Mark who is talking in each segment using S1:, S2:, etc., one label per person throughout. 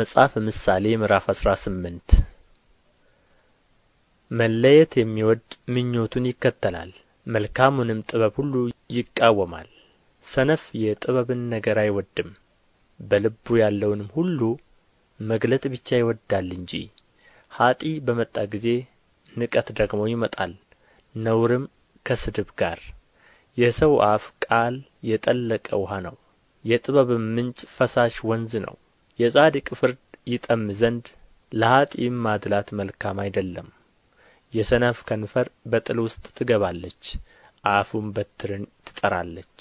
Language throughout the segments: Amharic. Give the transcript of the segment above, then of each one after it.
S1: መጽሐፈ ምሳሌ ምዕራፍ አስራ ስምንት መለየት የሚወድ ምኞቱን ይከተላል፣ መልካሙንም ጥበብ ሁሉ ይቃወማል። ሰነፍ የጥበብን ነገር አይወድም፣ በልቡ ያለውንም ሁሉ መግለጥ ብቻ ይወዳል እንጂ። ኀጢ በመጣ ጊዜ ንቀት ደግሞ ይመጣል፣ ነውርም ከስድብ ጋር። የሰው አፍ ቃል የጠለቀ ውሃ ነው፣ የጥበብም ምንጭ ፈሳሽ ወንዝ ነው። የጻድቅ ፍርድ ይጠም ዘንድ ለኀጥእም ማድላት መልካም አይደለም የሰነፍ ከንፈር በጥል ውስጥ ትገባለች አፉም በትርን ትጠራለች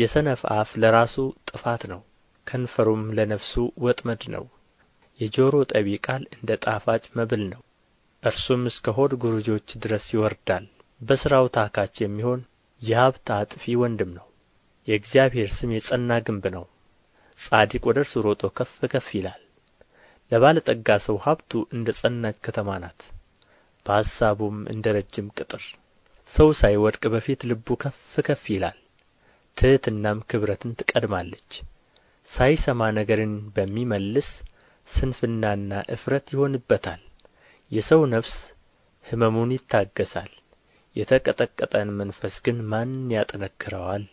S1: የሰነፍ አፍ ለራሱ ጥፋት ነው ከንፈሩም ለነፍሱ ወጥመድ ነው የጆሮ ጠቢ ቃል እንደ ጣፋጭ መብል ነው እርሱም እስከ ሆድ ጉርጆች ድረስ ይወርዳል በሥራው ታካች የሚሆን የሀብት አጥፊ ወንድም ነው የእግዚአብሔር ስም የጸና ግንብ ነው ጻድቅ ወደ እርሱ ሮጦ ከፍ ከፍ ይላል ለባለጠጋ ሰው ሀብቱ እንደ ጸናች ከተማ ናት በሐሳቡም እንደ ረጅም ቅጥር ሰው ሳይወድቅ በፊት ልቡ ከፍ ከፍ ይላል ትሕትናም ክብረትን ትቀድማለች ሳይሰማ ነገርን በሚመልስ ስንፍናና እፍረት ይሆንበታል የሰው ነፍስ ሕመሙን ይታገሳል። የተቀጠቀጠን መንፈስ ግን ማን ያጠነክረዋል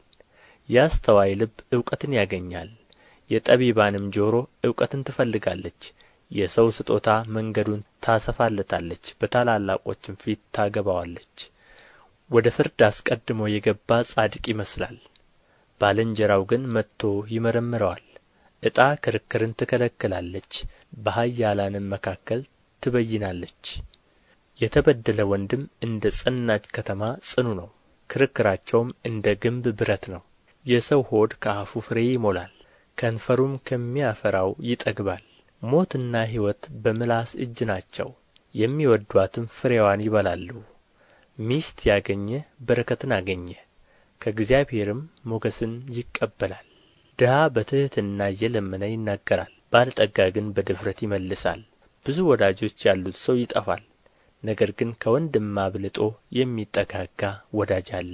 S1: የአስተዋይ ልብ እውቀትን ያገኛል የጠቢባንም ጆሮ እውቀትን ትፈልጋለች የሰው ስጦታ መንገዱን ታሰፋለታለች በታላላቆችም ፊት ታገባዋለች ወደ ፍርድ አስቀድሞ የገባ ጻድቅ ይመስላል ባልንጀራው ግን መጥቶ ይመረምረዋል ዕጣ ክርክርን ትከለክላለች በኃያላንም መካከል ትበይናለች የተበደለ ወንድም እንደ ጸናች ከተማ ጽኑ ነው ክርክራቸውም እንደ ግንብ ብረት ነው የሰው ሆድ ከአፉ ፍሬ ይሞላል ከንፈሩም ከሚያፈራው ይጠግባል። ሞትና ሕይወት በምላስ እጅ ናቸው፣ የሚወዷትም ፍሬዋን ይበላሉ። ሚስት ያገኘ በረከትን አገኘ፣ ከእግዚአብሔርም ሞገስን ይቀበላል። ድሃ በትሕትና እየለመነ ይናገራል፣ ባለጠጋ ግን በድፍረት ይመልሳል። ብዙ ወዳጆች ያሉት ሰው ይጠፋል፣ ነገር ግን ከወንድም አብልጦ የሚጠጋጋ ወዳጅ አለ።